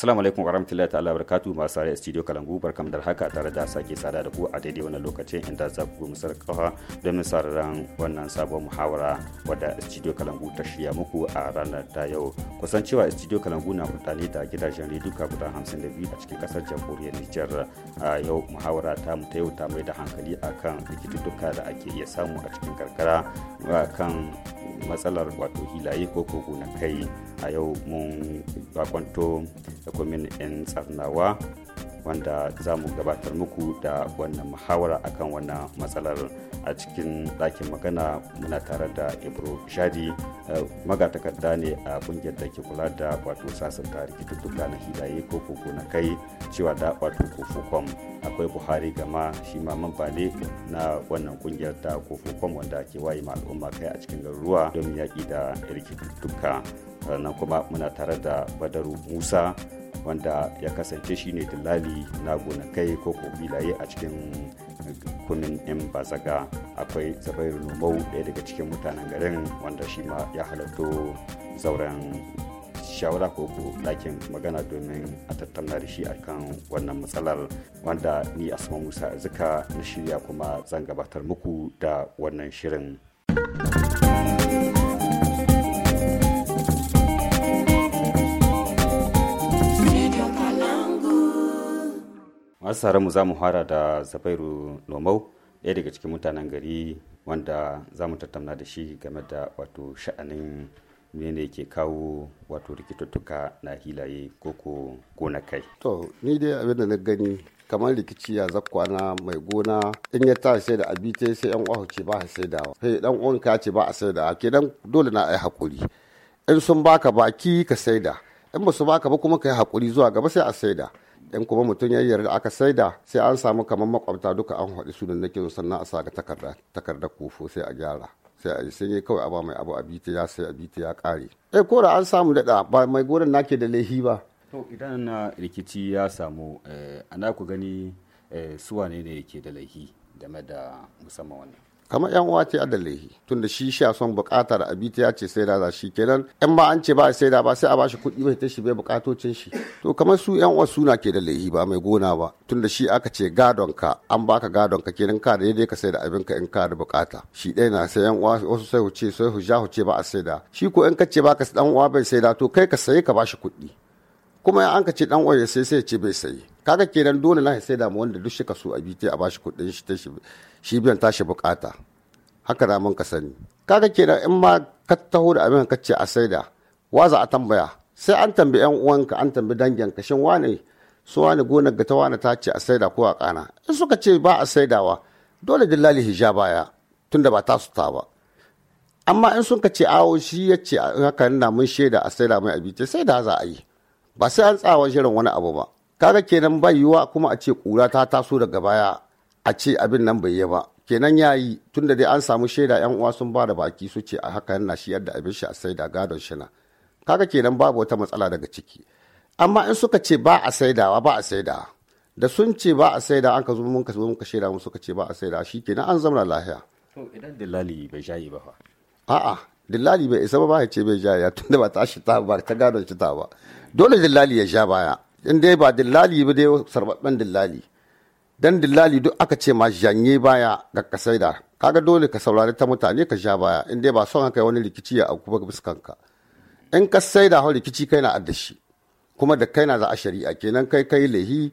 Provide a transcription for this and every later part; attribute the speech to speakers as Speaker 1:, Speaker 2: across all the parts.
Speaker 1: Assalamu alaikum wa rahmatullahi ta'ala barakatu masu sare studio Kalangu barkam dar haka tare da sake sada da ku a daidai wannan lokacin inda za ku musar kafa domin sararan wannan sabon muhawara wadda studio Kalangu ta shirya muku a ranar ta yau. Kusan cewa studio Kalangu na mutane da gidajen ka guda 52 a cikin kasar jamhuriyar Nijar a yau muhawara ta mu ta yau ta mai da hankali akan likituttuka da ake iya samu a cikin karkara kan matsalar wato hilaye ko na kai a yau mun bakwanto da kwamin 'yan tsarnawa wanda za mu gabatar muku da wannan muhawara akan wannan matsalar a cikin ɗakin magana muna tare da ibro shadi eh, magatakarda ne a kungiyar da ke kula da wato sasanta rikituttuka na hidaye ko koko na kai cewa da wato kofokom akwai buhari gama shi ma mamba na wannan kungiyar da kofokom wanda ke waye ma al'umma kai a cikin garuruwa don yaƙi da rikituttuka sannan kuma muna tare da badaru musa wanda ya kasance shi shine dillali na gonakai ko ko a cikin kunin yan bazaga akwai zabairu nomau ɗaya daga cikin mutanen garin wanda shi ma ya halatto zauren shawara ko lakin magana domin a tattauna da shi akan wannan matsalar wanda ni asma musa zuka na shirya kuma zan gabatar muku da wannan shirin. masu tsaronmu mu za mu fara da zafairu nomau ɗaya daga cikin mutanen gari wanda za mu tattauna da shi game da wato sha'anin ne ke kawo wato rikituttuka na hilaye koko gona kai to
Speaker 2: ni dai abin da na gani kamar rikici ya zakwana mai gona in ya ta sai da abite sai yan uwa ce ba a saidawa sai dan uwan ka ce ba a saidawa kenan dole na ai hakuri in sun baka baki ka saida in ba su baka ba kuma ka yi hakuri zuwa gaba sai a saida dan kuma mutum ya yarda aka saida sai an samu kamar makwabta duka an haɗu su da sannan a sa ga takarda takarda kofo sai a gyara sai a sai kawai a ba mai abu a bita ya sai a bita ya kare eh ko da an samu dada ba mai goron nake da laihi ba to idan na rikici ya samu
Speaker 1: eh, ana ku gani eh, wane ne yake da laihi game da musamman
Speaker 2: wannan kamar yan uwa ce adalehi tunda shi shi son bukatar abita ya ce sai da shi kenan yan ba an ce ba sai da ba sai a bashi kuɗi bai ta shi bai bukatocin shi to kamar su yan uwa suna ke da lehi ba mai gona ba tunda shi aka ce gadon ka an baka gadon ka kenan ka da daidai ka sai da abin ka in ka da bukata shi ɗaya na sai yan uwa wasu sai ce sai hu ce ba a sai da shi ko in ka ce ba ka dan uwa bai sai da to kai ka sai ka bashi kuɗi kuma an ka ce dan oye sai sai ce bai sayi kaga kenan dole na sai mu wanda duk shika su a bi a bashi kudin shi ta shi biyan tashi bukata haka da mun ka sani kaga kenan in ma ka taho da abin ka ce a saida wa za a tambaya sai an tambayi yan uwanka an tambayi danginka shin wane su wane gonar ga ta wane ta ce a saida ko a kana in suka ce ba a saidawa dole dillali hija baya tunda ba ta su ta ba amma in sun ka ce awo shi ya ce haka na mun shaida a saida mai abinci sai da za a yi ba sai an tsawa jiran wani abu ba kaga kenan ba yiwuwa kuma a ce kura ta taso daga baya a ce abin nan bai yi ba kenan ya yi tun da dai an samu shaida yan uwa sun ba da baki su ce a haka yana shi yadda abin shi a saida gadon shina kaga kenan babu wata matsala daga ciki amma in suka ce ba a saidawa ba a saidawa da sun ce ba a saida an ka zo mun ka zo mun ka shaida mun suka ce ba a saida kenan an zama lafiya
Speaker 1: to idan dillali bai jayi ba fa
Speaker 2: a'a dillali bai isa ba ya ce bai jayi da ba ta shi ta ba ta gadon shi ta ba dole dillali ya sha baya in dai ba dillali ba dai sarbabban dillali dan dillali duk aka ce ma janye baya ga da kaga dole ka saurari ta mutane ka sha baya in dai ba son haka wani rikici ya auku ba fuskanka in ka saida hau rikici kai na addashi kuma da kai na za a shari'a kenan kai kai lahi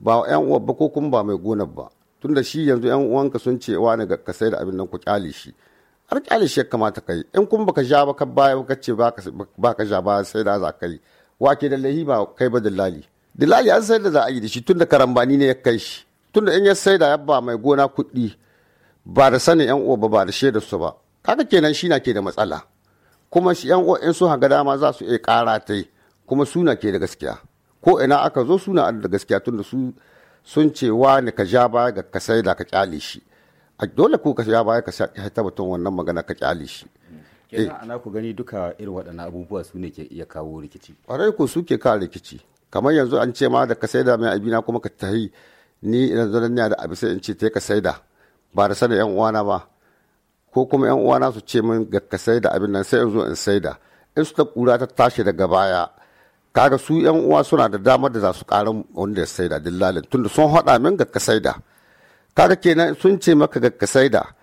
Speaker 2: ba yan uwa ba ko kuma ba mai gonar ba tunda shi yanzu yan uwanka sun ce wani ga ka saida abin nan ku kyale shi har kyale shi ya kamata kai in kuma baka sha ba ka baya ka ce ba ka sha baya sai da za ka yi wake da lahi ba kai ba dillali dillali an sayar da za a yi da shi tunda karambani ne ya kai shi tunda in ya sai da yabba mai gona kuɗi ba da sanin yan uwa ba ba da shaidar su ba kaga kenan shi na ke da matsala kuma shi yan uwa in sun haga dama za su iya ƙara ta kuma suna ke da gaskiya ko ina aka zo suna da gaskiya tunda su sun ce wani ka ja baya ga ka sai da ka kyale shi a dole ko ka ja baya ka sai ta wannan magana ka kyale shi
Speaker 1: Eh. kenan ana ku gani duka irin waɗannan abubuwa su ne ke iya kawo rikici
Speaker 2: ƙwarai ko su kawo rikici kamar yanzu an ce ma da ka saida mai abina kuma ka tahi ni idan zo da abu sai in ce te ka saida ba da sanin yan uwana ba ko kuma yan uwana su ce min ga ka saida abin nan sai in zo in saida in su ta kura ta tashi daga baya kaga su yan uwa suna da damar da za su ƙara wanda ya saida dillalin tunda sun haɗa min ga ka saida kaga kenan sun ce maka ga ka saida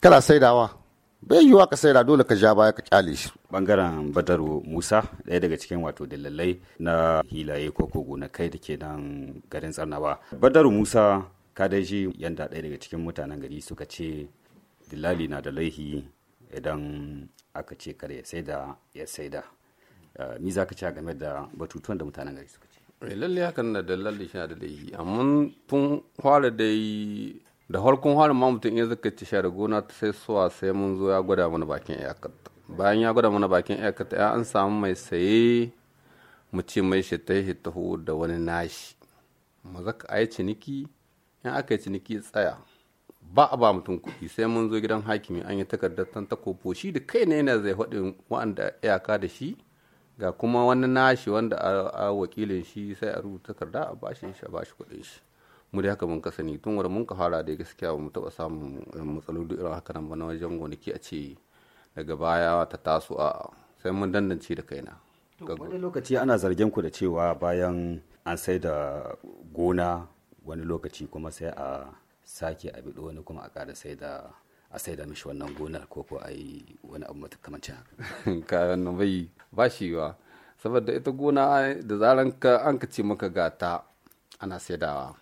Speaker 2: kana saidawa bai yiwa ka saida dole ka ja baya ka kyale shi bangaren
Speaker 1: badaru musa ɗaya daga cikin wato dalilai na hilaye ko kogo na kai da ke nan garin tsarnawa badaru musa ka dai shi yanda ɗaya daga cikin mutanen gari suka ce dillali na da laihi idan aka ce kar ya saida ya saida ni eh, za ka ce game da batutuwan da mutanen gari suka ce eh, lallai hakan na dillali shi
Speaker 3: na da laihi amma tun fara dai da harkon harin ma mutum iya zaka ci share gona ta sai suwa sai mun zo ya gwada mana bakin iyakar bayan ya gwada mana bakin iyakar ya an samu mai saye mu ce mai shi ta yi taho da wani nashi mu zaka yi ciniki in aka yi ciniki tsaya ba a ba mutum kuɗi sai mun zo gidan hakimi an yi takardar ta takofo shi da kai ne yana zai faɗi wa'anda iyaka da shi ga kuma wani nashi wanda a wakilin shi sai a rubuta takarda a bashi shi a bashi kuɗin shi mu haka mun ka sani tun wani mun ka fara da gaskiya mu taba samun eh, matsaloli irin haka nan ba na wajen gonaki a ce daga baya ta taso a sai mun dandance
Speaker 1: da kaina wani lokaci ana zargin ku da cewa bayan an sai da gona wani lokaci kuma sai a sake a biɗo wani kuma a ƙara sai da a sai da mishi wannan gonar ko ko a wani abu matakamancin haka
Speaker 3: ka wannan bai ba shi yiwa saboda ita gona da zaran an ka ce maka gata ana saidawa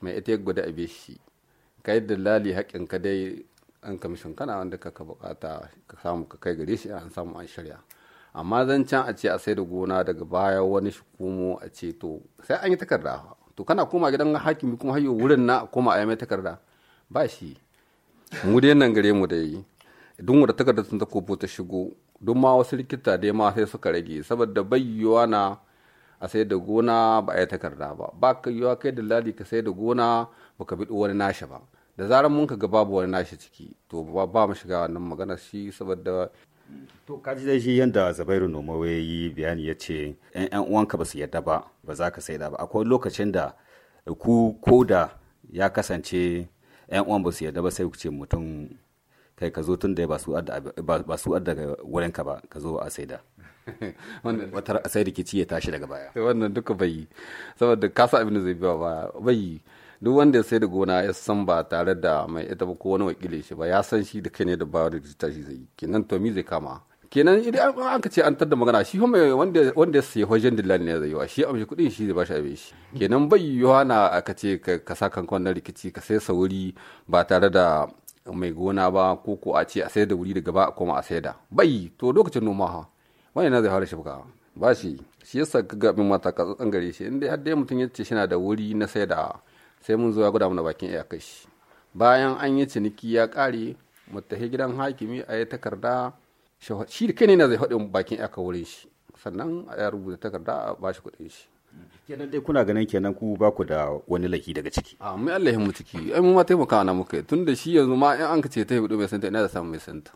Speaker 3: mai ita guda a shi ka yi dalali haƙin ka dai an kamishin kana wanda ka ka bukata ka samu ka kai gare shi an samu an shirya amma zan can a ce a sai da gona daga baya wani shi komo a ce to sai an yi takarda to kana koma gidan hakimi kuma hayo wurin na koma a yi mai takarda ba shi mu dai nan gare mu da yi duk da takarda sun ta kofo ta shigo duk ma wasu likita dai ma sai suka rage saboda bayyuwa na a sai da gona ba a yi takarda ba ba ka yiwa kai ladi ka sai da gona ba ka biɗo wani nashi ba da zarar mun ka ga babu wani nashi ciki
Speaker 1: to ba mu shiga wannan magana shi saboda to ka ji shi yadda zabairu nomawe yi bayani ya ce yan yan uwanka ba su yadda ba ba za ka saida ba akwai lokacin da ku ko da ya kasance yan uwan ba su yadda ba sai ku ce mutum kai ka zo tun da ba su adda wurinka ba ka zo a saida wata sai rikici ya tashi daga baya wannan duka bai yi saboda kasa abin da zai biya
Speaker 3: ba bai yi duk wanda ya sai da gona ya san ba tare da mai ita ba ko wani wakile shi ba ya san shi da kai ne da ba da tashi zai yi kenan to mi zai kama kenan idan an ce an tada magana shi kuma wanda wanda ya sai hojin dillan ne zai yi wa shi amshi kudin shi zai bashi abin shi kenan bai yiwa na aka ce ka sa kanka wannan rikici ka sai sauri ba tare da mai gona ba ko ko a ce a sayar da wuri daga ba a koma a sayar da bai to lokacin noma ha wani na zai fara shafuka ba shi shi yasa gabin mata ka tsatsan gare shi inda har dai mutum ya ce na da wuri na sai da sai mun zo ya guda mana bakin iya shi bayan an yi ciniki ya ƙare mu tafi gidan hakimi a yi takarda shi da kai ne na zai faɗi bakin iya ka wurin shi sannan a rubuta takarda a ba shi kuɗin shi
Speaker 1: kenan dai kuna ganin kenan ku ba ku
Speaker 3: da wani laki daga ciki a mai Allah mu ciki ai mu ma taimaka na muka tun da shi yanzu ma in an ka ce ta hudu mai santa ina da samu mai santa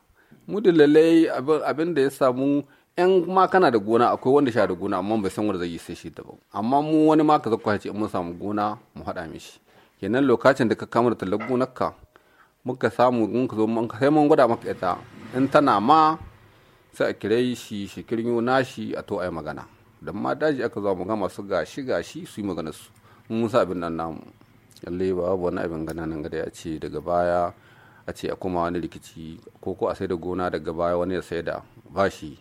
Speaker 3: mu da lallai abin da ya samu in ma kana da gona akwai wanda sha da gona amma bai san wanda zai yi sai shi daban amma mu wani ma ka zakwa ce mun samu gona mu haɗa mishi kenan lokacin da ka kama da talar ka muka samu mun ka zo mun sai mun gwada maka ita in tana ma sai a kire shi shi kiryo nashi a to ai magana dan ma daji aka zo mu ga masu gashi gashi su yi magana su mun sa abin nan namu lalle babu wani abin gana nan gare ya ce daga baya a ce a kuma wani rikici ko ko a sai da gona daga baya wani ya sai da bashi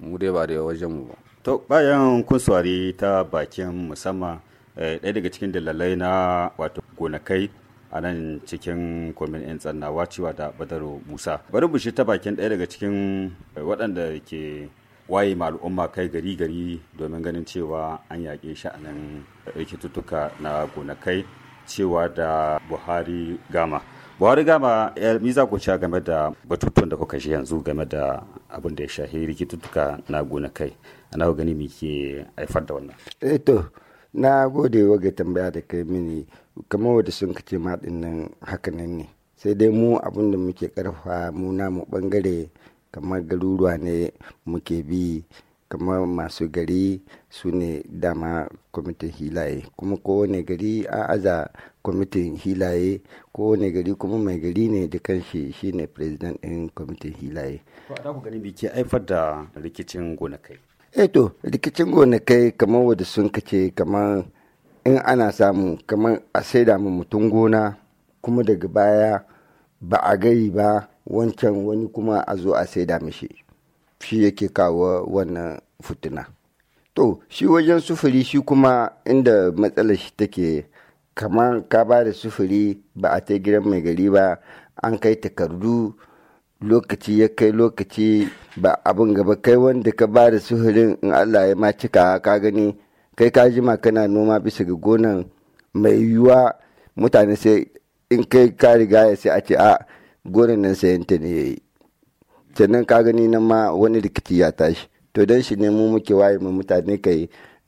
Speaker 3: mu ba
Speaker 1: da wajen mu ba to bayan kun swari ta bakin musamman eh, ɗaya daga cikin dalalai na wato gonakai a nan cikin kwamin 'yan tsannawa cewa da badaro musa bari bushe ta bakin ɗaya daga cikin eh, waɗanda ke waye ma al'umma kai gari gari domin ganin cewa an yaƙe sha'anin rikitutuka eh, na gonakai cewa da buhari gama buhari gama eh, mi za ku ci game da batutuwan da kuka shi yanzu game da abin da ya shahi rikitutuka na kai ana gani mi ke haifar da wannan
Speaker 4: eto eh, na gode wa ga tambaya da kai mini kamar wadda sun kace ma nan hakanan ne sai dai mu abin da muke karfa mu namu bangare kamar garuruwa ne muke bi kamar masu gari su ne dama kwamitin hilaye kuma kowane gari a aza kwamitin hilaye ko wani gari kuma mai gari ne da kan shi shine president ɗin kwamitin hilaye. Ba ku gani biki haifar da rikicin gonakai. Eh to rikicin gonakai kamar wadda sun kace kamar in ana samu kamar a saida mu mutum gona kuma daga baya ba a gari ba wancan wani kuma a zo a saida mishi shi yake kawo wannan fituna. To shi wajen sufuri shi kuma inda matsalar shi take kamar ka ba da sufuri ba a ta gidan mai gari ba an kai takardu lokaci ya kai lokaci ba abin gaba kai wanda ka ba da suhurin in allah ya ma cika ka gani kai ka jima kana noma bisa ga gonan mai yiwuwa mutane sai in kai ka riga ya sai a ce a gonan nan sayan ta ne ya yi sannan ka gani nan ma wani rikici ya tashi to don shi ne mu muke waye mu mutane kai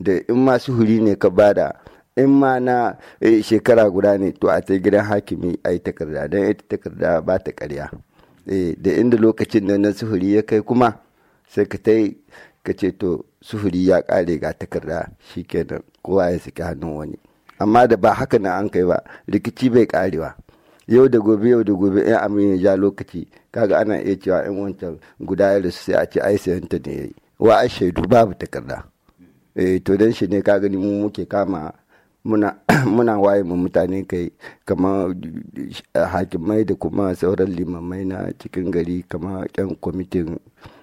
Speaker 4: da in ma suhuri ne ka bada in ma na eh, shekara guda ne to a ta gidan hakimi a yi takarda don ita takarda ba ta karya eh, da inda lokacin da na sufuri ya kai kuma sai ka ta ka ce to sufuri ya kare ga takarda shi shikenan kowa ya saki hannun wani amma da ba haka na an kai ba rikici bai karewa yau da gobe yau da gobe in amin ya ja lokaci kaga ana iya cewa in wancan guda ya rasu sai a ce ai sayanta ne wa a shaidu babu takarda eh to dan shi ne ka gani mu muke kama muna muna waye mu mutane kai kama eh, hakimai da kuma sauran limamai na cikin gari kama yan kwamitin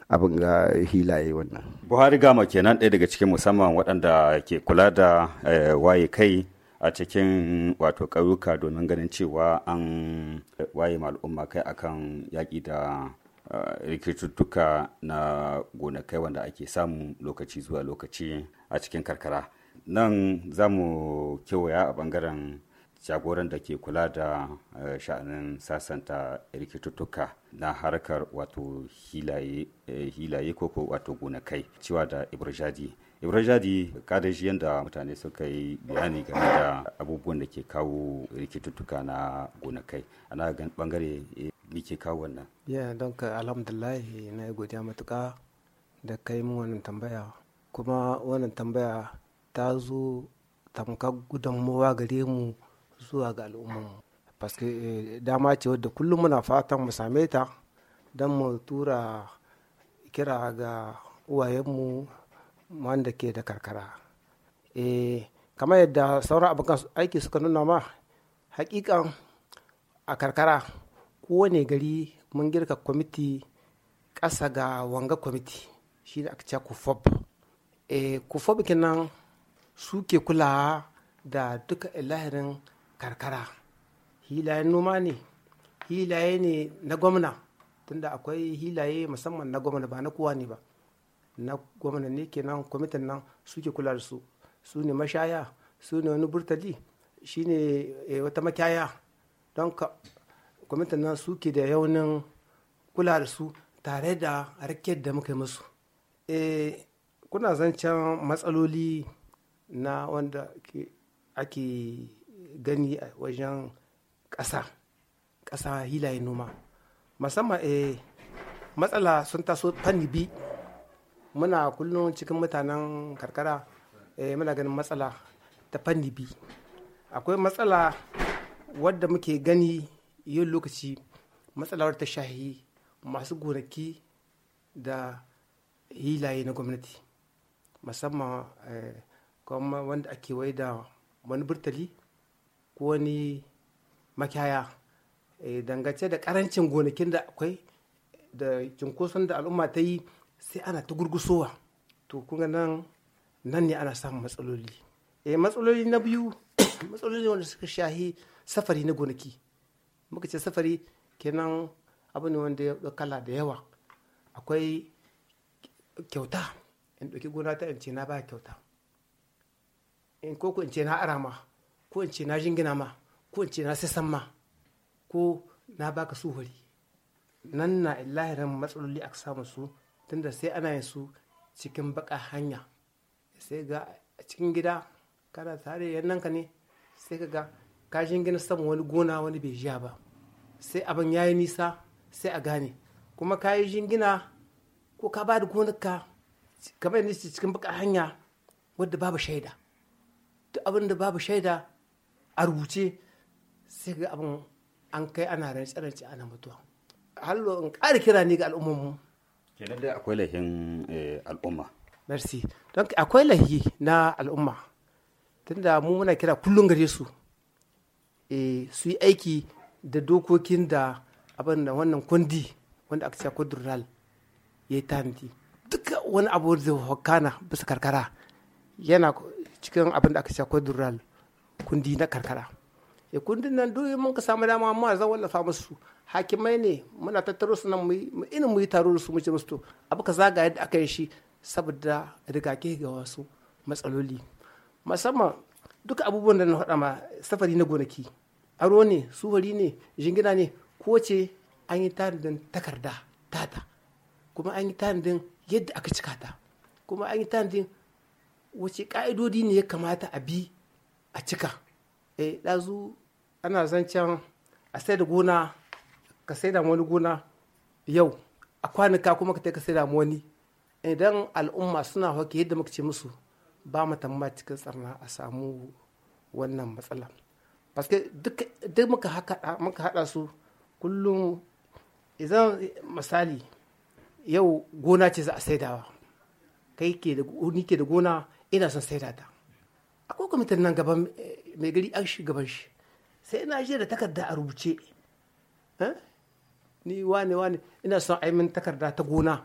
Speaker 4: abin ga hilaye wannan
Speaker 1: buhari gama kenan ɗaya daga cikin musamman waɗanda ke kula da eh, waye kai a cikin wato ƙauyuka domin ganin cewa an eh, waye al'umma kai akan yaƙi da rikicuttuka na gonakai wanda ake samu lokaci zuwa lokaci a cikin karkara nan za mu kewaya a bangaren jagoran da ke kula da eh, sha'anin sasanta rikitutuka na harkar wato hilaye eh, ko wato gonakai cewa da ibrajadi ibrajadi kadashi yadda mutane suka yi bayani game da abubuwan da ke kawo rikitutuka na gonakai ana gan bangare eh, muke kawo wannan
Speaker 5: ya don ka alhamdulahi na godiya matuka da kai mu wannan tambaya kuma wannan tambaya ta zo tamkar gudunmowa gare mu zuwa ga mu. paske eh, dama ce wadda kullum muna fatan mu same ta don mu tura kira ga uwayenmu wanda ke da karkara eh, kamar yadda sauran abokan aiki suka nuna ma hakikan a karkara kowane gari mun girka kwamiti ƙasa ga wanga kwamiti shi ne aka ce kufob eh, kufob kenan suke kulawa da duka lahirin karkara hilayen noma ne hilaye ne na gwamna tunda akwai hilaye musamman na gwamna ba na kowa ne ba na gwamna ne kenan kwamitin nan suke kula da su su ne mashaya su ne wani burtali shi ne eh, wata makyaya don ka kwamitin nan suke da yaunin kula da su tare da rakiyar da muka yi musu eh, kuna zancen matsaloli na wanda ake gani a wajen ƙasa ƙasa hilayen noma musamman eh, matsala sun taso fanni bi muna kullum cikin mutanen karkara eh, muna ganin matsala ta fanni bi akwai matsala wadda muke gani yin lokaci matsalawar ta shahi masu gonaki da hilaye na gwamnati musamman eh, kuma wanda ake wai da wani burtali ko wani makyaya eh, dangance da karancin gonakin da akwai da cinkoson da al'umma ta yi sai ana ta gurgusowa to kuma nan nan ne ana samun matsaloli e matsaloli na biyu matsaloli wanda suka shahi safari na gonaki muka ce safari kenan abu ne wanda ya kala da yawa akwai kyauta in ɗauki gona ta in ce na ba kyauta in ko in ce na arama ko in ce na jingina ma ko in ce na sisan ma ko na baka suhuri nan na lahirin matsaloli a samu su tunda sai ana yin su cikin baka hanya sai ga a cikin gida kana tare nan ka ne sai ka ga ka jingina saman wani gona wani bai jiya ba sai abin yayi nisa sai a gane kuma ka yi jingina ko ka ba da gonarka kamar yadda cikin baka hanya wadda babu shaida duk abin da babu shaida a rubuce sai ga abin an kai ana rance-rance ana mutuwa hallo in ƙara kira ni ga mu.
Speaker 1: kenan dai akwai lahin eh, al'umma
Speaker 5: merci don akwai lahi na al'umma tunda mu muna kira kullum gare su eh, su yi aiki da dokokin da abin da wannan kundi wanda aka ce kudural ya yi tanadi duka wani abu da hokana bisa karkara yana cikin abin da aka ce akwai kundi na karkara e kundin nan duk mun ka samu dama mu zan wallafa musu hakimai ne muna tattaro su nan mu ina mu yi taro su mu ce musu to abu ka zaga yadda aka yi shi saboda rigake ga wasu matsaloli musamman duka abubuwan da na faɗa ma safari na gonaki aro ne suwari ne jingina ne ko ce an yi tanadin takarda tata kuma an yi tanadin yadda aka cika ta kuma an yi tanadin wace ƙa'idodi ne ya kamata a bi a cika eh ɗazu ana zancen a sai da gona ka sai da wani gona yau a kwanuka kuma ka ka sai da wani idan al'umma suna hauke yadda muka ce musu ba mu tamma cikin tsarna a samu wannan matsala paske duk muka haɗa su kullum idan misali yau gona ce za a saidawa kai ke ke da gona ina son sai ta akwai kwamitin nan gaban eh, mai gari an gaban shi sai ina je da takarda a rubuce eh? ni wane wane ina son aimin takarda ta gona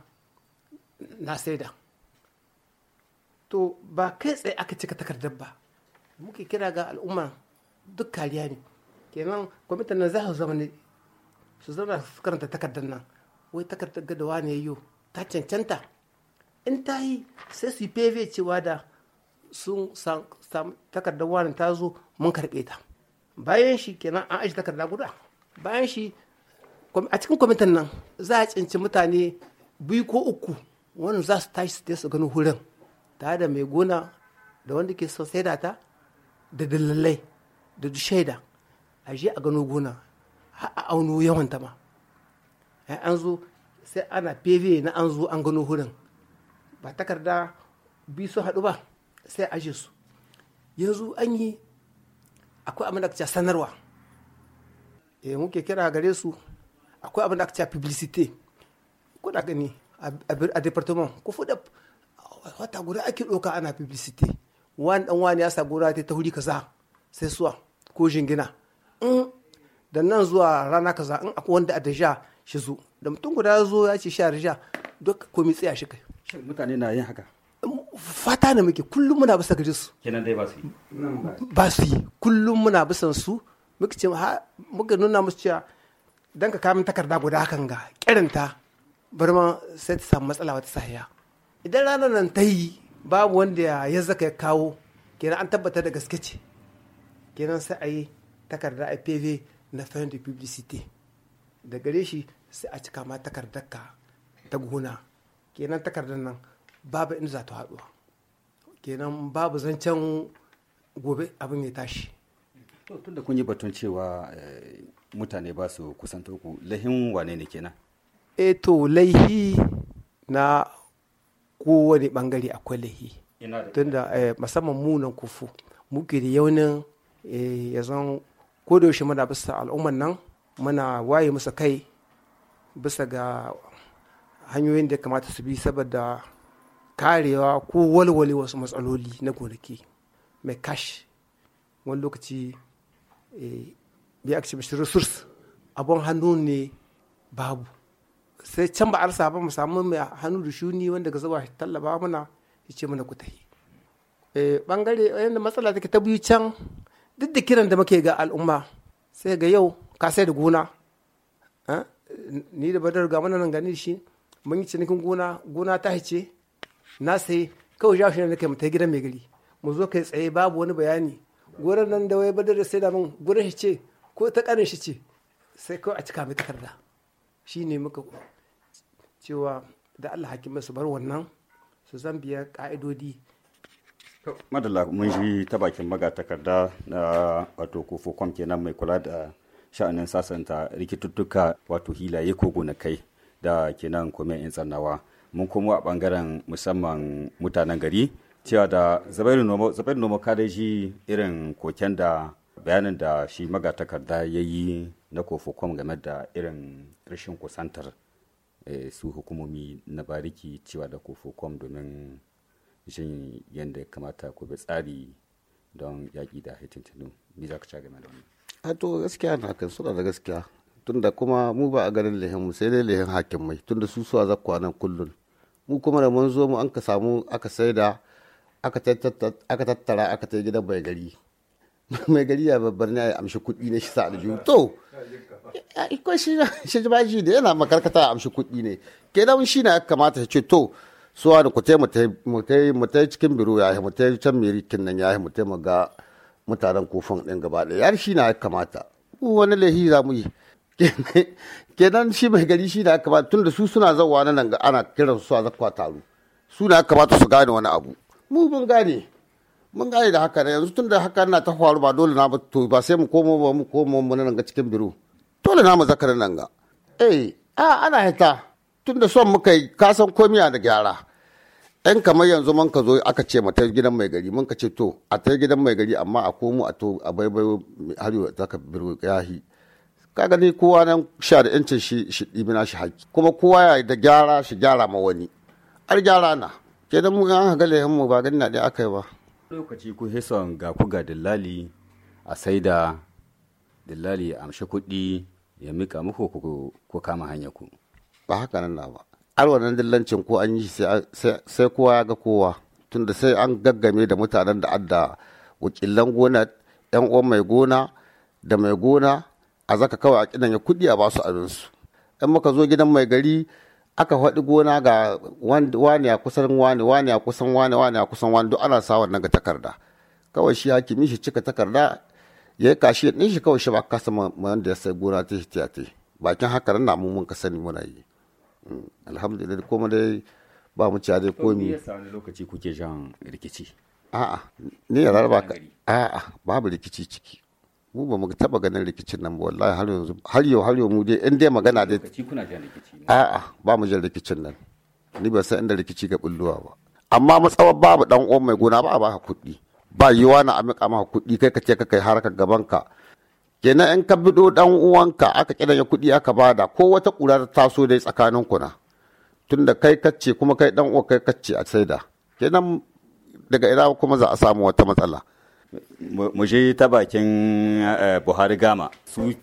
Speaker 5: na da to ba kai tsaye aka cika takardar ba muke kira ga al'umma duk kariya ne kenan kwamitin nan za su zama ne su zama su karanta takardar nan wai takardar gadawa ne yau ta cancanta in ta yi sai su yi cewa da sun samu takardar wani ta zo mun karɓe ta bayan shi kenan an aji takarda guda bayan shi a cikin kwamitin nan za a cinci mutane biyu ko uku wani za su tashi su su gani hurin tare da mai gona da wanda ke son saida ta da dillalai da shaida a je a gano gona a auno yawan ta ma an zo sai ana pv na an zo an gano hurin ba takarda biyu su haɗu ba sai aje su yanzu an yi akwai abin da aka sanarwa e muke kira gare su akwai abin da aka publicity kuna gani a department ku fuda wata guda ake doka ana publicity wani dan wani ya sa gura ta ta huri kaza sai suwa ko jingina in da nan zuwa rana kaza in akwai wanda a daja shi zo da mutum guda zo ya ce sha rija duk komai tsaya shi kai mutane na yin haka fata ne muke kullum muna bisa gare su
Speaker 1: kenan dai ba su yi
Speaker 5: ba su yi kullum muna bisa su muka ce muka nuna musu cewa dan ka kamin takarda guda hakan ga kirinta bari ma sai ta samu matsala wata sahiya idan ranar nan ta yi babu wanda ya zaka ya kawo kenan an tabbatar da gaske ce kenan sai a yi takarda a pv na fin de publicity da gare shi sai a cika ma takardar ka ta gona kenan takardar nan babu inda za ta haɗuwa kenan babu zancen gobe abin ya tashi
Speaker 1: tun da kun yi batun cewa eh, mutane ba su kusanto ku lahin wane ne kenan e to laihi na kowane bangare
Speaker 5: akwai laihi tunda eh, musamman munan kufu muke da yaunin ya zan kodayaushe muna bisa al'umman nan muna waye musa kai bisa ga hanyoyin da ya kamata su bi saboda karewa ko walwale wasu matsaloli na gonaki mai kashi wani lokaci eh, bai ce mashi resource abun hannu ne babu sai can ba arsa ba mu samu mai hannu da shuni wanda ga zuwa tallaba mana ya ce mana ku eh, bangare yadda matsala take ta biyu can duk da kiran da muke ga al'umma sai ga yau ka sai da gona ah, ni da badar ga mana nan gani shi mun yi cinikin gona gona ta hice na sai kawai jawo shi ne kai mu gidan mai gari mu zo kai tsaye babu wani bayani gurin nan da wai badar sai da min gurin shi ce ko ta karin shi ce sai kawai a cika mai takarda shi ne muka cewa da Allah hakimai su bar wannan su zan biya ka'idodi
Speaker 1: madalla mun shi ta bakin takarda na wato kofo kwam kenan mai kula da sha'anin sasanta rikituttuka wato hilaye ko gonakai da kenan kome yan tsannawa mun komo a bangaren musamman mutanen gari cewa da zabairu noma zabairu kada shi irin koken da bayanin da shi magatakarda ya yi na kofokom game da irin rashin kusantar eh, su hukumomi na bariki cewa da kofokom domin jin yadda ya kamata ku bi tsari don yaƙi da hitintinu ni za ka ca game da wani
Speaker 2: a to gaskiya na kan suna da gaskiya tunda kuma mu ba a ganin lehin mu sai dai lihin hakin mai tunda su suwa za kwanan kullun mu kuma da mun zo mu an ka samu aka saida aka tattara aka ta gidan mai gari mai gari ya babbar ne ya amshi kuɗi ne shi sa aljihu to ko shi shi baji da yana makarkata amshi kuɗi ne da shi na kamata ce to suwa da ku mu cikin biro ya yi mutai can kin nan ya yi mutai mu ga mutanen kofan ɗin gaba ɗaya yar shi na kamata wani lahi za mu yi kenan shi mai gari shi da aka ba tun da su suna zawa na nan ana kiran su a zakwa taro su da aka ba su gane wani abu mu mun gane mun gane da haka ne yanzu tun da haka na ta faru ba dole na ba to ba sai mu komo ba mu komo mu nan ga cikin biro dole na mu zakarin nan ga eh a ana hita tun da son muka yi kasan komiya da gyara yan kamar yanzu man ka zo aka ce mata gidan mai gari mun ka ce to a ta gidan mai gari amma a komo a to a baibai har yau zaka biro yahi Ka gani kowa na sha da yancin shi shi ɗibi na shi haƙƙi kuma kowa ya da gyara shi gyara ma wani ar gyara na Ke da mu an hagale lehin mu ba gani na ɗaya aka yi ba.
Speaker 1: lokaci ku hison ga ku ga dillali a
Speaker 2: saida dillali ya amshi kuɗi ya mika muku ku kama hanyar ku. ba haka nan na ba ar wannan dillancin ko an yi sai kowa ya ga kowa tunda sai an gaggame da mutanen da adda wakilan gona yan uwan mai gona da mai gona a zaka kawai a kidan ya kuɗi a basu abinsu in muka zo gidan mai gari aka faɗi gona ga wani a kusan wani wani a kusan wani wani a kusan wani duk ana sa wannan ga takarda kawai shi hakimi shi cika takarda ya yi kashi ɗin shi kawai shi ba kasa wanda ya sai gona ta shi ta bakin haka na mu mun ka sani muna yi mm, alhamdulillah kuma dai ba mu a dai komi ya
Speaker 1: wani lokaci kuke jan rikici
Speaker 2: a'a ne ya rarraba a'a babu rikici ciki mu ba mu taba ganin rikicin nan ba wallahi har yanzu har yau har yau mu dai in dai magana dai kuna jan rikici a'a ba mu jan rikicin nan ni ba san inda rikici ga bulluwa ba amma matsawar babu dan uwan mai gona ba a baka kuɗi ba yiwa na amika maka kuɗi kai ka ce ka kai harkar gaban ka kenan in ka bido dan uwanka aka ya kuɗi aka bada ko wata ƙura ta taso dai tsakanin kuna tunda kai kacce kuma kai dan uwa kai kacce a saida kenan daga ina kuma za a samu wata matsala mu je ta bakin
Speaker 1: eh, eh, buhari gama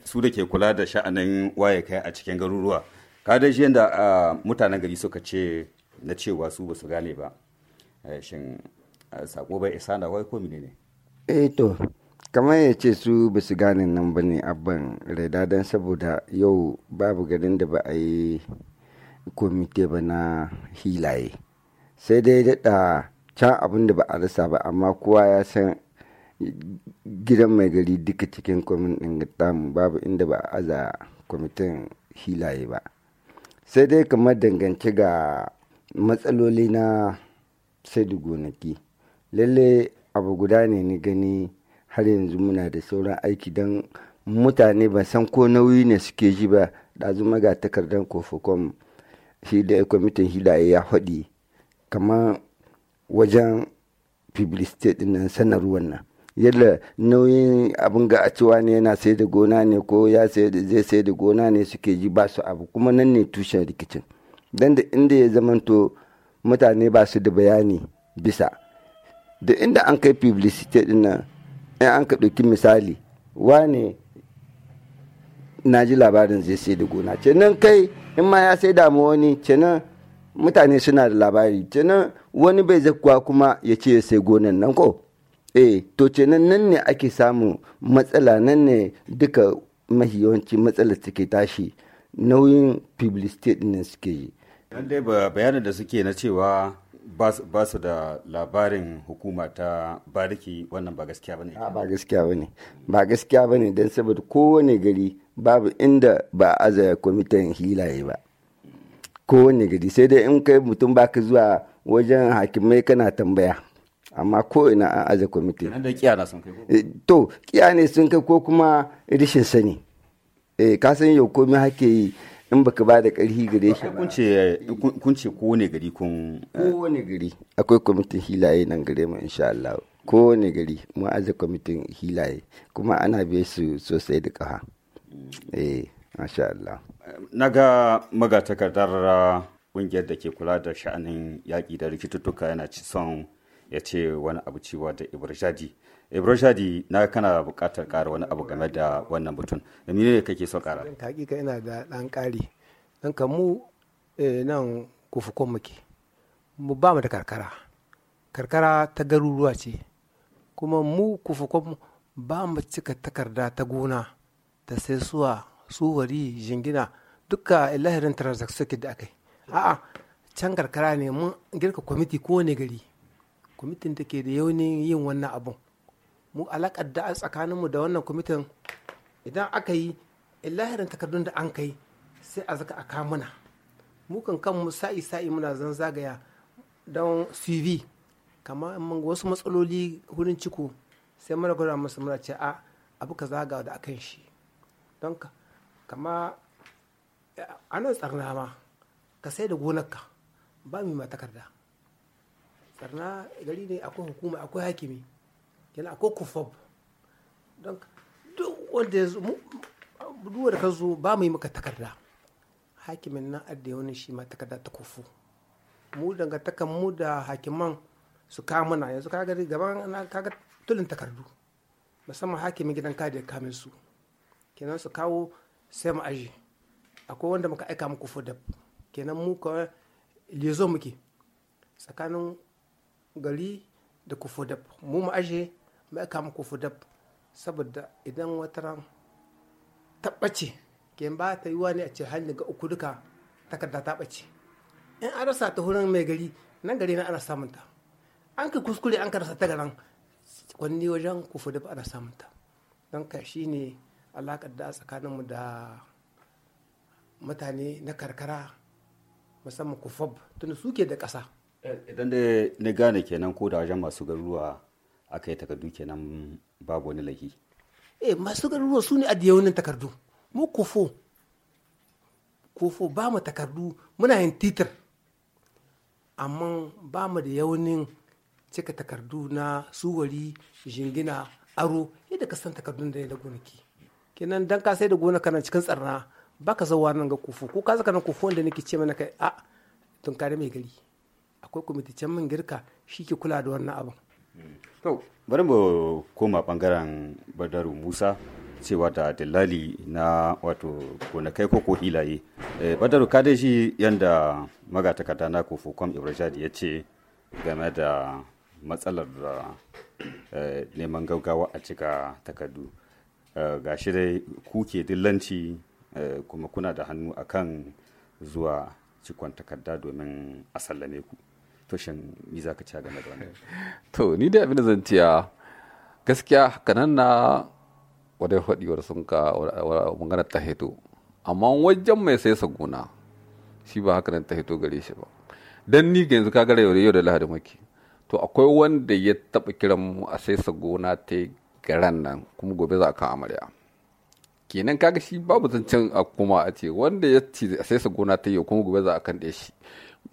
Speaker 1: su da ke kula da sha'anin waye kai a cikin garuruwa ka da shi yadda ah, mutanen gari suka ce na cewa su ba su gane ba eh, shin sako bai isa na wai ko ne
Speaker 4: eh to kamar ya ce su ba su gane nan ba ne abban raida don saboda yau babu garin da ba a yi komite ba na hilaye sai dai daɗa can abin da ba a rasa ba amma kowa ya san gidan mai gari duka cikin kwamin ɗin tamu babu inda ba a aza kwamitin hilaye ba sai dai kamar dangance ga matsaloli na sai gonaki lalle abu guda ne ni gani har yanzu muna da sauran aiki don mutane ba san ko nauyi ne suke ji ba ɗazu maga takardar kofokom shi da kwamitin hilaye ya faɗi kamar wajen publicity ɗin nan sanarwar nan yadda nauyin abin ga a cewa ne yana sai da gona ne ko ya zai sai da gona ne suke ji ba su abu kuma nan ne tushen rikicin dan da inda ya zamanto mutane ba su da bayani bisa da inda an kai publicity din nan in an ka ɗauki misali wane na ji labarin zai sai da gona kenan kai in ma ya sai damu wani kenan mutane suna da labari kenan wani bai zakuwa kuma ya ce ya sai gonan nan ko e to nan ne ake samun matsala nan ne duka mahi yawanci matsalar suke tashi nauyin state ɗin suke yi
Speaker 1: dai bayanin da suke na cewa ba su da labarin hukuma ta bariki wannan ba gaskiya bane
Speaker 4: ba gaskiya bane ba gaskiya bane don saboda kowane gari babu inda ba aza kwamitin hilaye ba kowane gari sai dai in kai mutum baka zuwa wajen hakimai kana tambaya amma ko ina an aje kwamiti eh, to kiya ne sun kai ko kuma rishin sani eh, ka san yau komai hake yi in baka ba da karhi gare shi ba kun ce ko ne gari kun eh. ko ne gari akwai kwamitin hilaye nan gare mu insha Allah ko ne gari mu aje kwamitin hilaye kuma ana biye su sosai da kaha eh masha Allah
Speaker 1: naga magatakardar kungiyar ah, da ke kula da sha'anin yaƙi da rikituttuka yana ci son ya ce wani abu cewa da ibrishadi ibrishadi na kana buƙatar ƙara wani abu game da wannan mutum da ne kake son ƙara
Speaker 5: hakika ina da ɗan ƙari ɗan mu eh, nan kufukon muke mu ba mu da karkara karkara ta garuruwa ce kuma mu kufukon ba mu cika takarda ta gona ta sai suwa suwari jingina duka lahirin transaction da aka yi a'a can karkara ne mun girka kwamiti kowane gari kwamitin da ke da yaunin yin wannan abun mu alakar da tsakaninmu da wannan kwamitin idan aka yi lahirin takardun da an kai sai a zaka a kamuna mu kan kanmu sa'i sa'i muna zan zagaya don cv kamar wasu matsaloli wurin ciko sai muna gwada masu muna ce a abu ka zaga da akan shi don ka kama eh, ana tsarnama ka sai da gonarka ba mu ma takarda sarna gari ne akwai hukuma akwai hakimi kenan akwai kufab don duk wanda ya zo duk wanda ka zo ba mu yi maka takarda hakimin nan adda wani shi ma takarda ta kufu mu takan mu da hakiman su kama na yanzu kaga gaban na kaga tulin takardu musamman hakimin gidan kadi ya kame su kenan su kawo sai mu aji akwai wanda muka aika muku fudab kenan mu ka lezo muke tsakanin gari da kufudab mu mu aje mu aka mu kufudab saboda idan wata ran taɓace ke ba ta yi wani a ce hanyar ga uku duka takarda ta bace. in an rasa ta hurin mai gari nan gari na ana samun ta an ka kuskure an ka rasa ta garan kwanni wajen kufudab ana samun ta don ka shi ne alaƙar da tsakaninmu da mutane na karkara musamman kufab tun suke da ƙasa
Speaker 1: idan da na gane kenan ko da wajen masu garuruwa aka yi takardu kenan babu wani lahi
Speaker 5: eh masu garuruwa su ne a takardu mu kofo kofo ba mu takardu muna yin titir amma ba mu da yaunin cika takardu na suwari jingina aro yadda ka san takardun da ya da gonaki kenan dan ka sai da gona kana cikin tsarna baka zauwa nan ga kofo ko ka zaka nan kofo wanda nake ce mana kai a ah, tunkari mai gari akwai kwamiti can man girka shi ke kula da wannan abin
Speaker 1: to bari mu koma bangaren badaru musa cewa da dillali na wato gonakai ko hilaye eh, badaru ka shi yanda magatakarda na kofo kwam ibrahim ya ce game da matsalar da eh, neman gaugawa a cika takardu eh, ga shi dai kuke dillanci kuma kuna da hannu akan zuwa cikon takarda domin a sallame ku to shin za ka ci game da wannan to ni da abin da zan ciya gaskiya hakanan na
Speaker 3: wadai faɗiwar sun ka magana ta hito amma wajen mai sai saguna shi ba hakanan ta hito gare shi ba dan ni yanzu ka gare yau da lahadi maki to akwai wanda ya taɓa kiran mu a sai saguna ta garan nan kuma gobe za a kan amarya kenan kaga shi babu zancen a kuma a ce wanda ya ce sai sa ta yau kuma gobe za a kan ɗaya shi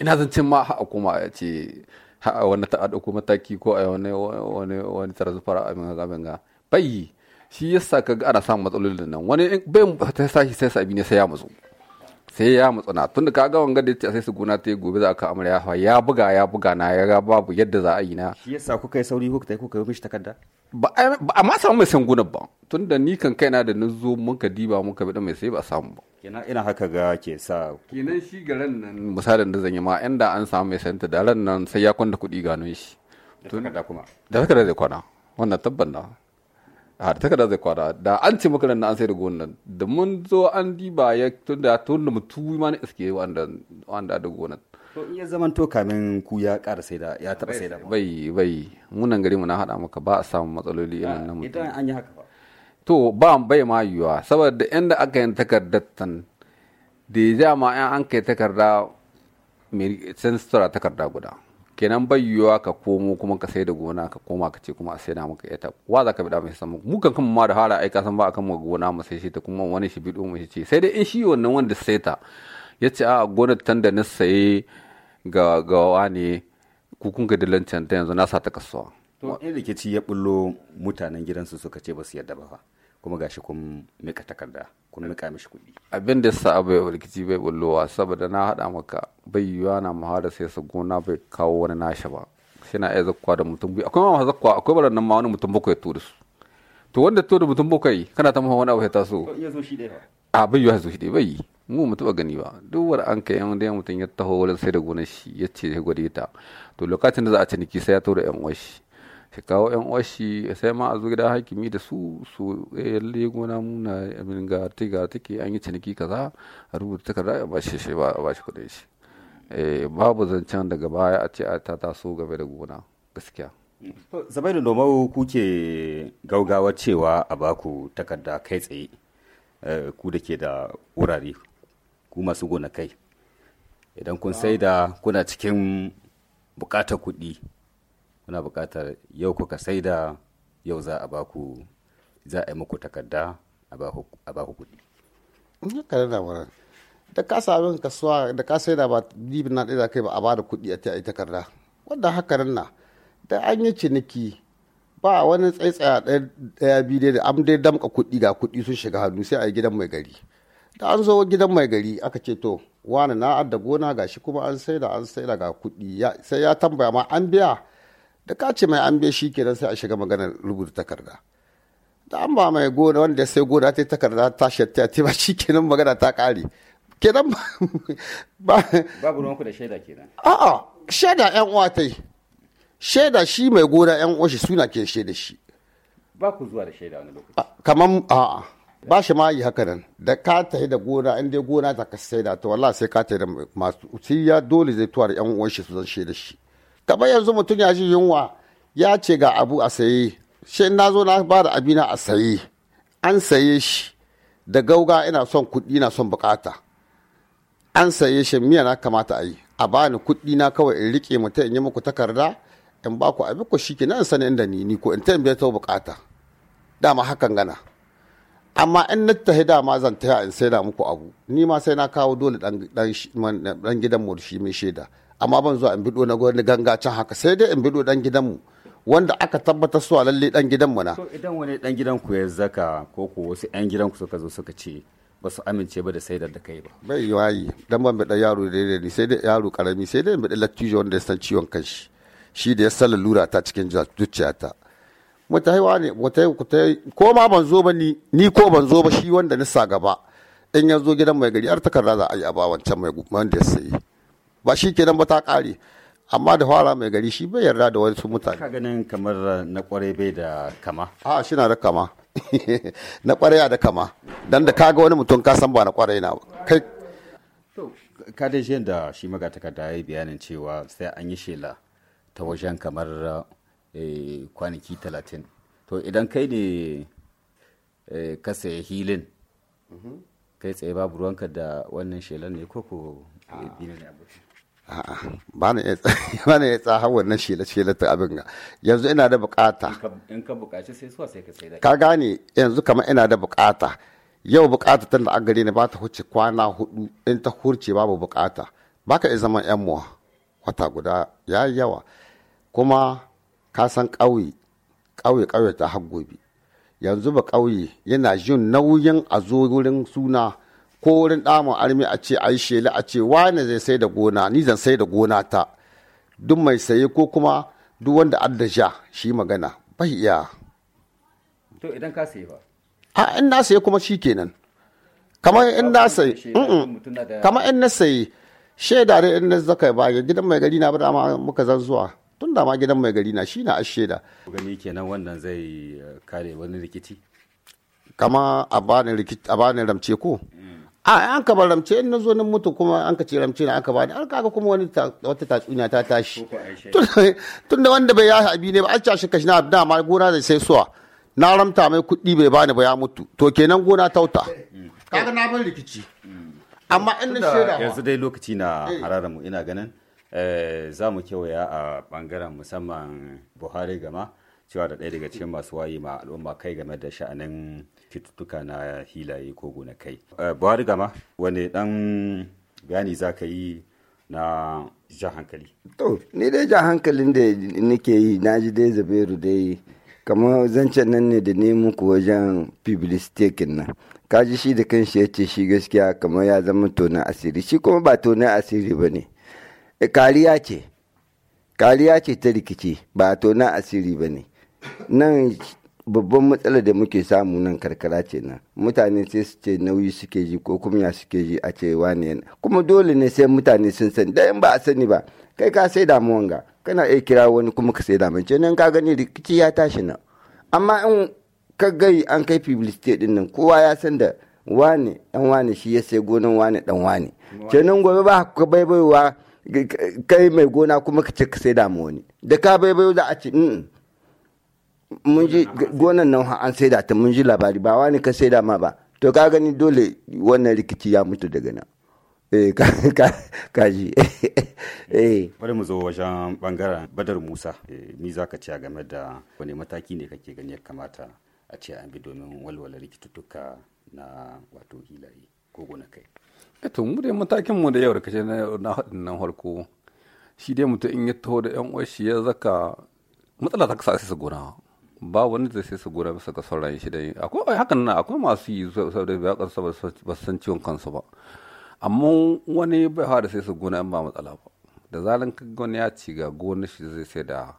Speaker 3: ina zancen ma ha'a kuma a ce ha'a wani ta ɗauko mataki ko a wani wani wani tarzufar abin ga ga bai shi ya sa kaga ana samun matsalolin nan wani bai ta shi sai sabi ne sai ya matsu sai ya matsu na tunda ka ga wanga da ce sai su gona ta gobe za ka amarya ya buga ya buga na ya ga babu yadda za a yi na
Speaker 1: shi ya sa kuka yi sauri kuka yi kuka yi mishi takarda
Speaker 3: ba a ma samu mai sangunan ba tun da ni kan kaina da na zo muka diba muka bida mai sai ba samu ba
Speaker 1: kenan ina haka ga ke sa kenan shi ga ran nan misalin
Speaker 3: da zan yi ma inda an samu mai sayanta da ran nan sai ya kwanda kuɗi gano shi da kuma da takarda zai kwana wannan tabban na a da takarda zai kwana da an ce maka na nan an sai da gonan da mun zo an diba ya tun da tun da mutu ma na iske wanda wanda da gonan
Speaker 1: to iya zaman to kamin ku ya ƙara sai da ya taɓa sai da
Speaker 3: bai bai munan gari mu na haɗa maka ba a samu matsaloli irin nan mutum idan an yi haka ba to ba bai ma yiwa saboda inda aka yin takardar tan da ya ma an kai takarda sensora takarda guda kenan bai yiwuwa ka komo kuma ka sai da gona ka koma ka ce kuma a sai da maka ita wa za ka bi da mai samu mu kan kuma ma da hara aika san ba a mu gona mu sai shi ta kuma wani shi bido mu shi ce sai dai in shi wannan wanda sai ta ya ce a gonar tan da na saye ga gawa wani ku kun ga dilancin ta yanzu na sa ta kasuwa
Speaker 1: to in rikici ya bullo mutanen gidansu suka ce ba su yarda ba kuma gashi kun mika takarda kun mika mishi kuɗi
Speaker 3: abin da sa ya rikici bai bullowa saboda na haɗa maka bai yiwa na muhara sai su gona bai kawo wani nashi ba sai na iya da mutum biyu akwai ma zakkwa akwai bala nan ma wani mutum bakwai to da su to wanda to da mutum bakwai kana ta mahawa wani abu ya taso a bai yiwa su shi ɗaya bai yi mu mu taba gani ba duk war an kai wanda mutum ya taho wurin sai da gonar shi ya ce ya gwada ta to lokacin da za a ciniki sai ya tura yan uwan shi kawo yan uwan sai ma a zo gida hakimi da su su yalle eh, gona muna min ga tiga take an yi ciniki kaza a rubuta takarda a ba shi ba kuɗin shi eh, babu zancen daga baya a ce a ta taso gaba da gona
Speaker 1: gaskiya zabairu domau kuke gaugawa cewa a baku takarda kai tsaye eh, ku da ke da wurare ku masu kai idan kun sai da kuna cikin bukatar kuɗi kuna bukatar yau kuka sai da yau za a baku za a yi muku takarda a baku kuɗi
Speaker 2: da ka sami kasuwa da ka sai da ba dibin na ɗaya kai ba a bada kuɗi a yi takarda wanda haka na da an yi ciniki ba wani tsaitsaya ɗaya biyu da an dai damka kuɗi ga kuɗi sun shiga hannu sai a gidan mai gari da an zo gidan mai gari aka ce to wani na adda gona gashi kuma an sai da an sai ga kuɗi sai ya tambaya ma an biya da ka ce mai an biya shi kenan sai a shiga maganar rubuta takarda da an ba mai gona wanda ya sai gona ta takarda ta shatta ta ba shi kenan magana ta ƙare kenan ba babu ruwanku
Speaker 1: da shaida kenan
Speaker 2: a'a shaida yan uwa tai shaida shi mai gona yan uwa shi suna ke shaida shi
Speaker 1: ba ku zuwa da shaida wani
Speaker 2: lokaci kamar a'a ba shi ma yi haka nan da ka ta da gona in dai gona ta ka sai da, to wallah sai ka ta da masu Sai ya dole zai tuwar yan uwan shi su zan da shi kaba yanzu mutum ya ji yunwa ya ce ga abu a saye shi na zo na ba da abina a saye an saye shi da gauga ina son kuɗi na son bukata an saye shi miya na kamata a yi a bani kuɗi na kawai in rike mu ta in yi muku takarda in ba ku abin ku shi ke nan sanin da ni ni ko in ta in ta bukata dama hakan gana amma in na tahi dama zan taya in saida muku abu ni ma sai na kawo dole dan gidan mu shi mai shaida amma ban zuwa in bido na gwani ganga can haka sai dai in bido dan gidan mu wanda aka tabbatar su lalle dan gidan mu na so idan wani dan gidan ku ya zaka
Speaker 1: ko ko wasu yan gidan ku suka zo suka ce ba su amince ba da saidar da kai ba
Speaker 2: bai yayi dan ban bi da yaro da ni sai dai yaro karami sai dai in bi da lattijo wanda ya san ciwon kanshi shi da ya san lura ta cikin zuciyata mu ta haiwa ne wata ta ku ko ma ban zo ba ni ni ko ban zo ba shi wanda nisa sa gaba in ya zo gidan mai gari har takarda za a yi a ba wancan mai wanda ya sayi ba shi kenan ba ta kare amma da fara mai gari shi bai yarda da wasu mutane ka ganin kamar na kwarai bai da kama a shi na da kama na kwarai da kama dan da kaga wani mutum ka san ba na kwarai na kai
Speaker 1: to ka da shi da shi magatakarda ya yi bayanin cewa sai an yi shela ta wajen kamar Eh, kwanaki talatin to idan kai ne eh, ka saya hilin mhm. kai tsaye babu ruwanka da wannan shelar ne ko ko
Speaker 2: a'a ba na iya tsaha wannan shela shela ta abin ga yanzu ina da bukata
Speaker 1: in ka bukaci sai suwa sai ka sai da ka
Speaker 2: gane yanzu kama ina da bukata yau bukata tana a gare ni ba ta huce kwana hudu in ta hurce babu bukata baka yi zaman yan muwa wata guda ya yawa kuma ka san ƙauye ƙauye ƙauye ta haggobi yanzu ba ƙauye yana jin nauyin a zo wurin suna ko wurin ɗamin armi a ce a yi shela a ce wane zai sai da gona ni zan sai da gona ta duk mai saye ko kuma duk wanda adda ja shi magana bai iya
Speaker 1: to idan ka saye ba
Speaker 2: a in na saye kuma shi kenan kamar in na saye kamar in na saye shaidare in na zaka baya gidan mai gari na ba da muka zan zuwa tun da ma gidan mai gari na shi na asheda gani kenan wannan zai eh, kare wani rikici kama a bani a bani ramce ko a an ka bar ramce in nazo nan mutu kuma an ka ce ramce na aka bani an kaga kuma wani wata tatsuniya ta tashi tun da wanda bai yashi abi ne ba an cashe kashi na da ma gona da sai suwa na ramta mai kuɗi bai bani ba ya mutu to kenan gona tauta kaga na bar rikici amma in na shaida yanzu
Speaker 1: dai lokaci na eh. hararamu ina ganin Eh, za mu kewaya a bangaren musamman buhari gama cewa da ɗaya daga cikin masu wayi ma al'umma kai game da sha'anin cututtuka na hilaye ko gonakai eh, buhari gama wani ɗan bayani za ka yi na jan hankali
Speaker 4: to ni dai jan hankalin da nake yi na ji dai zabiru dai kamar zancen nan ne da ne muku wajen pibilistikin nan kaji shi da kan shi ya ce shi gaskiya kamar ya zama tona asiri shi kuma ba tona asiri ba ne Eh, kariya ce kariya ce ta rikici ba to na asiri ba ne nan babban matsala da muke samu nan karkara ce nan mutane sai su ce nauyi suke ji ko kumya suke ji a ce wani yana kuma dole ne sai mutane sun sani da ba a sani ba kai ka sai damuwan ga kana iya kira wani kuma ka sai damuwan ce nan ka gani rikici ya tashi nan amma in ka gai an kai publicity din nan kowa ya san da wane dan wane shi ya sai gonan wane dan wane kenan gobe ba ka baibaiwa kai mai gona kuma ka ce ka sai da wani da ka bai bai a ce mm, mun ji gonan nan an sai da ta mun ji labari ba wani ka sai da ma ba to ka gani dole wannan rikici ya mutu daga nan eh, kaji eh.
Speaker 1: bari mu zo wajen bangaren badar musa ni eh, za ka ce game da wani mataki ne kake gani ya kamata a ce an bi domin walwala rikituttuka na wato hilaye ko kai
Speaker 3: Eh, to mu dai matakin mu da yau da kace na haɗin nan harko shi dai mutum in ya taho da yan uwan shi ya zaka matsala ta kasa sai su gona ba wani da sai su gona bisa ga sauran shi dai akwai hakan nan akwai masu yi saboda ba kansa ba san ciwon kansu ba amma wani bai hawa sai su gona in ba matsala ba da zalan ka wani ya ci ga gona shi zai sai da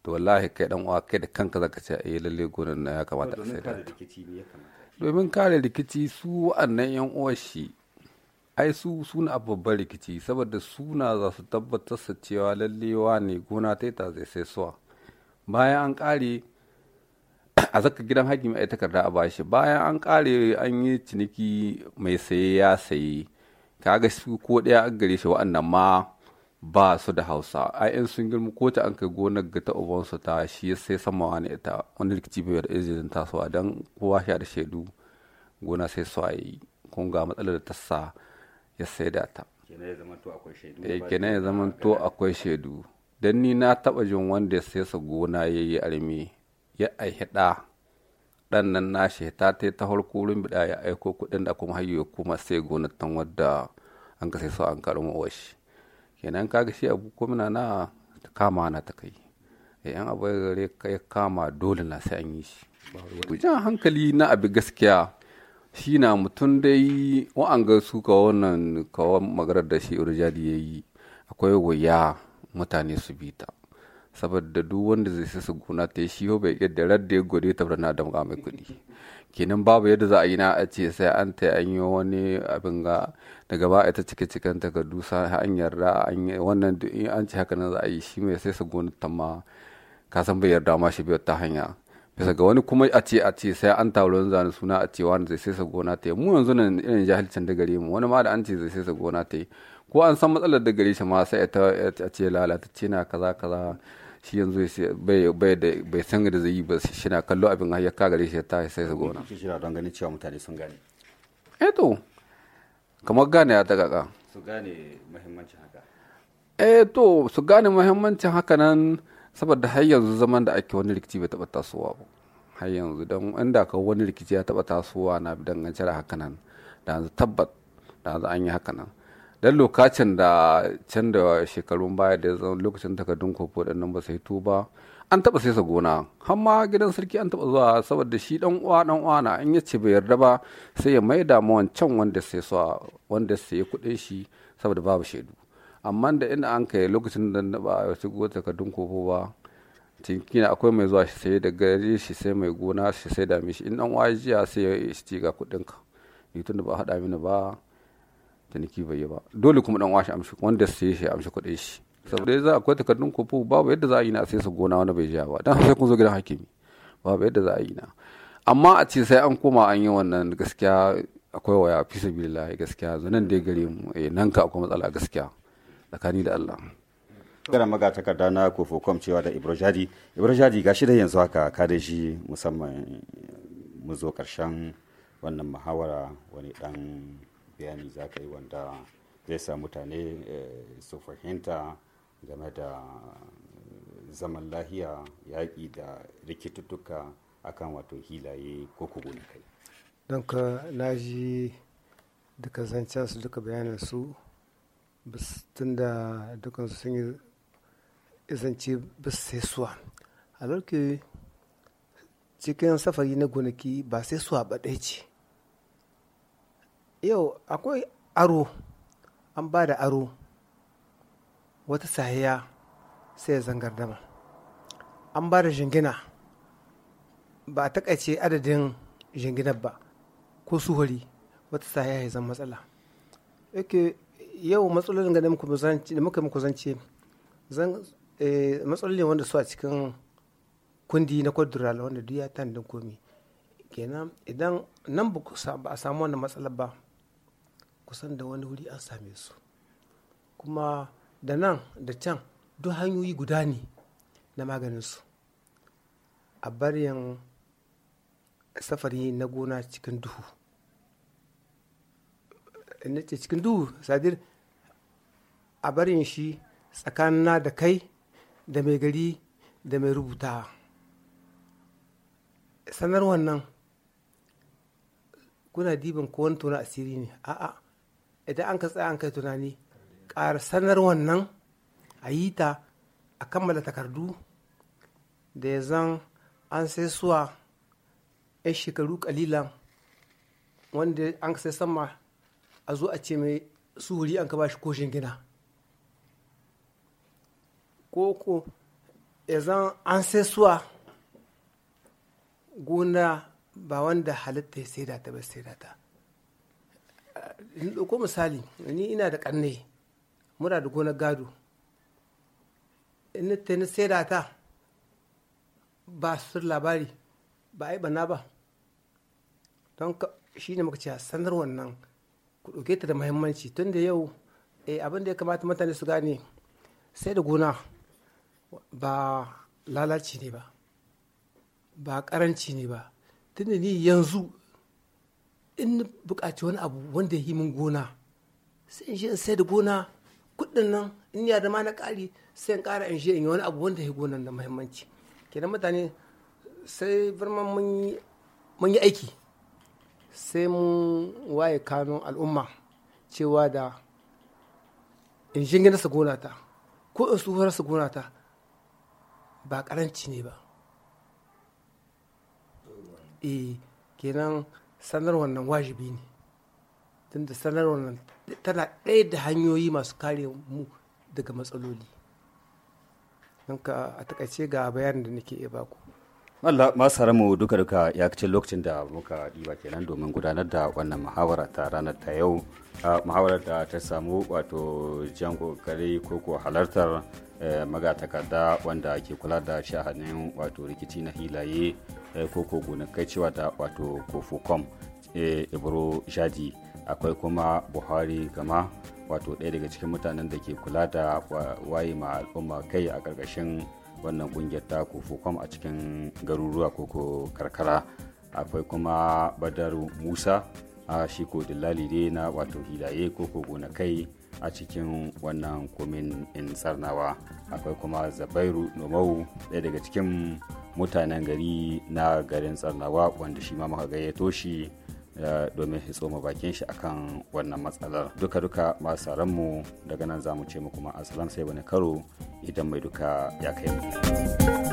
Speaker 3: to wallahi kai dan uwa kai da kanka zaka ce eh lalle gonar na ya kamata a sai da domin kare rikici su wa'annan yan uwan shi ai su suna a babban rikici saboda suna za su tabbatar sa cewa lallewa ne gona ta ta zai sai suwa bayan an kare a zaka gidan hakimi ai takarda a bashi bayan an kare an yi ciniki mai saye ya saye kaga su ko daya an gare shi wa'annan ma ba su da hausa ai in sun girma ko ta an kai gonar ga ta su ta shi sai sama wani ita wani rikici bai da izinin tasowa don kowa sha da shaidu gona sai su a yi kun ga matsalar da ta sa ya saida ta kenan ya zama to akwai shaidu eh, don ni na taɓa jin wanda ya sa gona ya yi armi ya aihe ɗa ɗan nan na shi ta ta ta harko wurin biɗa ya aiko kuɗin da kuma hayo kuma sai gona tan wadda an ka sai so an karɓi washi kenan kaga shi abu komina na kama na ta kai yan eh, abu gare ka kama dole na sai an yi shi jan hankali na abi gaskiya shi na mutum dai ga su ka wannan kawo magarar da shi urjadi ya yi akwai wuya mutane su bi ta saboda duk wanda zai sai su gona ta shi ho bai yadda radda ya gode ta na da mai kuɗi kenan babu yadda za a yi na a ce sai an ta an yi wani abin ga daga ba ta cike cikin ga dusa an yarda an yi wannan an ci haka nan za a yi shi mai sai su gona ta ma ka san bai yarda ma shi biyar ta hanya bisa ga wani kuma a ce a ce sai an yanzu zane suna a ce wani zai sai gona ta yi mu yanzu nan irin jahilcin da gare mu wani ma da an ce zai sai gona ta yi ko an san matsalar da gare shi ma sai a ce lalata ce na kaza kaza shi yanzu bai san da zai yi ba shi na kallo abin har ya ka gare shi ta sai sa gona
Speaker 1: shi na don ganin cewa mutane sun gane
Speaker 3: eh to kamar gane ya daga
Speaker 1: su gane muhimmancin haka
Speaker 3: eh to su gane muhimmancin haka nan saboda har yanzu zaman da ake wani rikici bai taɓa tasowa ba har yanzu don inda ka wani rikici ya taba tasowa na dangance da haka nan da yanzu tabbat da yanzu an yi haka nan dan lokacin da can da shekarun baya da zan lokacin da takardun ko da nan ba sai to ba an taba sai sa gona har ma gidan sarki an taba zuwa saboda shi dan uwa dan uwa na in ya bai yarda ba sai ya maida mu wancan wanda sai wanda sai kudin shi saboda babu shaidu amma da ina an kai lokacin da na ba a shigo takardun kofo ba kina akwai mai zuwa shi sai da gari shi sai mai gona shi sai da mishi in dan uwa jiya sai ya shi ga kudin ka ni da ba hada mini ba ciniki bai yi ba dole kuma dan uwa shi amshi wanda sai shi amshi kudin shi saboda yanzu akwai takardun kofo babu yadda za a yi na sai su gona wani bai jiya ba dan sai kun zo gidan hakimi babu yadda za a yi na amma a ce sai an koma an yi wannan gaskiya akwai waya fi sabilillah gaskiya zanen dai gare mu eh, nan ka akwai matsala
Speaker 1: gaskiya tsakani da Allah gara maga takarda na kofokom cewa da Ibrojadi. Ibrojadi gashi da yanzu haka ka da shi musamman mu zo karshen wannan muhawara wani dan bayani za ka yi wanda zai sa mutane eh, su fahimta game da zaman lahiya yaƙi da rikituttuka akan wato hilaye ko kogoni kai
Speaker 5: don ka na ji duka zancen su duka bayanan su tun da dukansu sun yi isance ba sai suwa a lokacin cikin safari na gonaki ba sai suwa ba ɗaya ce yau akwai aro an ba da aro wata sahiya sai ya zangar dama an ba da jingina ba a takaice adadin jinginar ba ko suhuri wata sahiya ya zan matsala yake yau matsalolin da muka muku zance zan eh, matsaloli wanda su a cikin kundi na kwadural wanda duk ya da komi kenan idan nan ba a samu wannan matsala ba kusan da wani wuri an same su kuma da nan da can duk hanyoyi guda ne na maganin su a baryan safari na gona cikin duhu na ce cikin duhu sadir a barin shi tsakanina da kai da mai gari da mai rubutawa sanar wannan kuna dibin ko wani tona asiri ne a'a idan an ka tsaya an kai tunani ƙara sanar wannan a yi ta a kammala takardu da ya zan an sai suwa 'yan shekaru kalilan wanda an sai sama a zo a ce mai suhuri an ka bashi ko shingina ko ko ya zan an sai suwa gona ba wanda halitta ya saida ta ba saida ta ko misali ni ina da ƙanne muna da gonar gado in ta ni saida ta ba su labari ba a yi bana ba don shi ne muka ce sanar wannan ku ɗauke ta da mahimmanci tun da yau eh, abin da ya kamata mutane su gane sai da gona ba lalaci ne ba ba karanci ne ba tun da ni yanzu in buƙaci wani abu wanda ya yi min gona sai in sai da gona kuɗin nan in ya da na ƙari sai in ƙara in shi in yi wani abu wanda ya yi gonan da mahimmanci kenan mutane sai birman mun yi aiki sai mun waye kanun al'umma cewa da in jingina su gonata ko in tsohuwar su gonata ba karanci ne ba e kenan sanar wannan wajibi ne da sanar wannan tana ɗaya da hanyoyi masu kare mu daga matsaloli don ka a takaice ga bayanin da nake ya baku
Speaker 1: Allah masu mu duka duka ya kacin lokacin da muka diba kenan domin gudanar da wannan muhawara ta ranar ta yau muhawarar da ta samu wato jan kokari ko ko halartar eh, magatakarda wanda ke kula da shahanin wato rikici na hilaye eh, ko ko gonakai cewa da wato kofukom eh, ibro jadi akwai kuma buhari gama wato ɗaya daga cikin mutanen da ke kula da waye ma al'umma kai a ƙarƙashin wannan kungiyar ta kofokom a cikin garuruwa ko karkara akwai kuma badar musa a shiko dillali ne na wato hilaye koko kai a cikin wannan komin in tsarnawa akwai kuma zabairu nomau ɗaya daga cikin mutanen gari na garin tsarnawa wanda shi ma muka gayyato shi domin hitso ma bakin shi akan wannan matsalar duka duka masu mu daga nan za mu ce muku ma asalam sai wani karo idan mai duka ya kai mu.